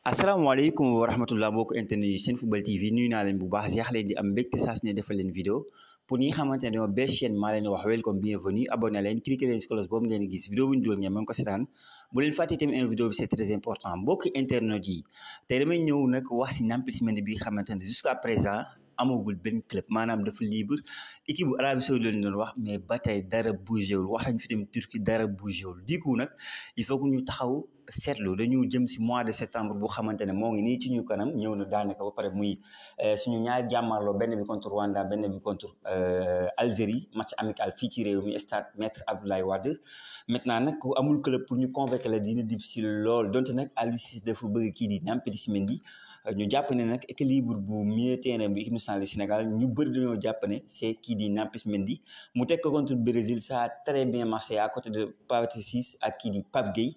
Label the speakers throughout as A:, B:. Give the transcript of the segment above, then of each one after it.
A: السلام عليكم ورحمة الله بوك انتني شين فوبل تي في نيو نالين بو باخ زيخ لين دي ام بيك تساس ني ديفال لين فيديو بو ني خامتاني نيو شين ما لين واخ ويلكم بيان فوني ابوني كليك لين سكولوس بوم لين غيس فيديو بو ندول ني مان كو فاتي تيم ان فيديو بي تريز امبورطون بوك انترنت دي تي دامي نيو نك واخ سي نامبل سيمين بي خامتاني جوسكا بريزان amogul ben club manam dafa libre equipe arabie saoudite don wax mais batay dara bougerul waxtan fi dem turki dara bougerul diku nak il faut ñu taxaw seetlu dañu jëm ci mois de septembre bu xamantene mo ngi ni ci ñu kanam ñëw na daanaka ba paré muy euh, suñu ñaar jàmmarloo benn bi contre Rwanda benn bi contre euh Algérie match amical fi ci réew mi stade maître Abdoulaye Wade maintenant nak amul club pour ñu convaincre la dina difficile lool donte nak Aliou Cissé dafa bëgg ki di Nampalys Mendy euh, ñu japp né nak équilibre bu milieu terrain bi équipe nationale du Sénégal ñu bëri dañu japp né c'est ki di Nampalys Mendy mu tek ko contre Brésil ça a très bien marché à côté de Pathé Ciss ak ki di Pape Gueye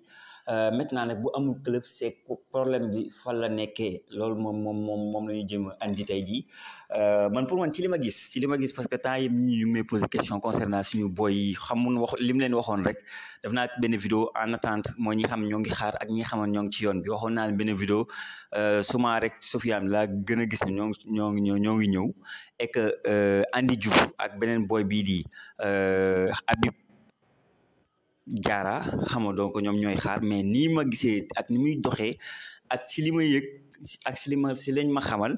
A: euh, maintenant nak bu amul club c'est problème bi fa la mom mom mom man pour man ci gis ci parce que ñu question concernant suñu boy xamun wax leen vidéo en attente mo ñi xam ñongi xaar ak ñi vidéo euh, suma rek Sofiane gis et que euh, Andy ak boy jaara xam nga donc ñoom ñooy xaar mais nii ma gisee ak ni muy doxee ak ci li ma yëg ak si li ma si lañ ma xamal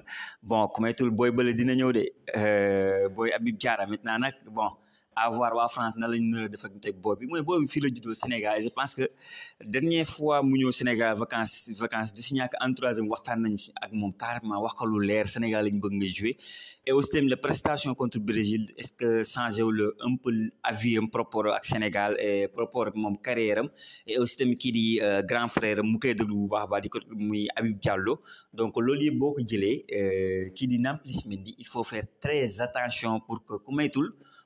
A: bon ku maytul booy bële dina ñëw de euh, booy Habib Diarra maintenant nag bon avoir voir France dans le nar de def ak moi je bi mooy boobu Sénégal et je pense que dernière fois mu au Sénégal vacances vacances du si en troisième, am waxtaan nañu ak mon carrément wax ko Sénégal lañ bëgg nga jouer et aussi système la prestations contre Brésil est-ce que changé wu un peu avis un propos ak Sénégal et propos mon carrière et aussi système qui di euh, grand frère am mu koy déglu bu baax a di ko muy Diallo donc loli yëpp boo ko jëlee euh, kii di Nampalys il faut faire très attention pour que ku tout.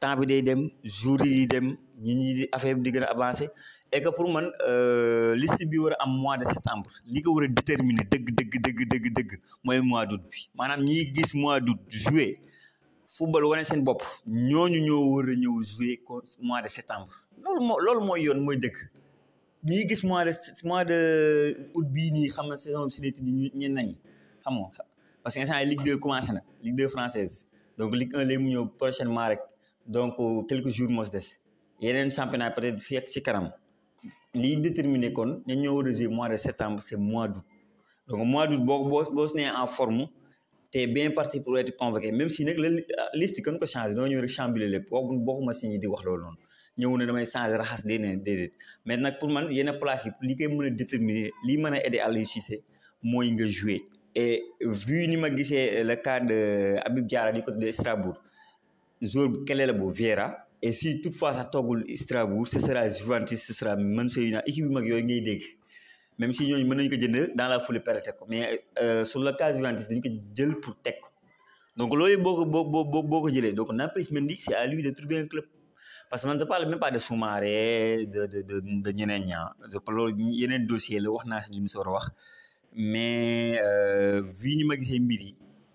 A: temps bi day dem jour yi dem ñi ñi di affaire bi di gën a avancé et que pour man euh, liste bi war a am mois de septembre li ko war a déterminer dëgg dëgg dëgg dëgg dëgg mooy mois d'août bi maanaam ñi gis mois d'août jouer football wane seen bopp ñooñu ñoo war a ñëw juillet mois de septembre loolu moo loolu mooy yoon mooy dëgg ñii gis mois de mois de août bii nii xam na saison bi si dee tuddi ñen nañi xam nga parce que instant Ligue 2 commencé na Ligue 2 française donc Ligue 1 léegi mu ñëw prochainement rek donc euh, quelques jours mos dess yenen championnat peut être fii ak si kanam déterminé kon ña ñoo war mois de septembre c'est mois d'août. donc mois d'août, août boo boo en forme T'es bien parti pour être convoqué même si nak la ah, liste kon ko changer do ñëw rek chambuler lepp kooku bokkuma si ñi di wax loolu non ñëw na damay changé raxas déedéet déedéet mais nak pour man yenn place yi li kay mëna déterminer li mëna aider Aliou Cissé moy nga jouer et vu ni ma gissé le cas de Habib Diarra di côté de Strasbourg jour kelele bu et si toutefois sax à Strasbourg ce sera Juventus ce sera Manchester United équipe yu mag yooyu ngay même si nous mën nañu ko dans la foulée perte Mais mais euh, sur le cas Juventus nous ko jël pour teg donc loolu boo ko boo boo donc Nampalys c'est à lui de trouver un club parce que man ne parle même pas de Soumaré de de de de ah. Je parle parle d'un dossier la wax naa si li mais euh, vu ñu ma gisee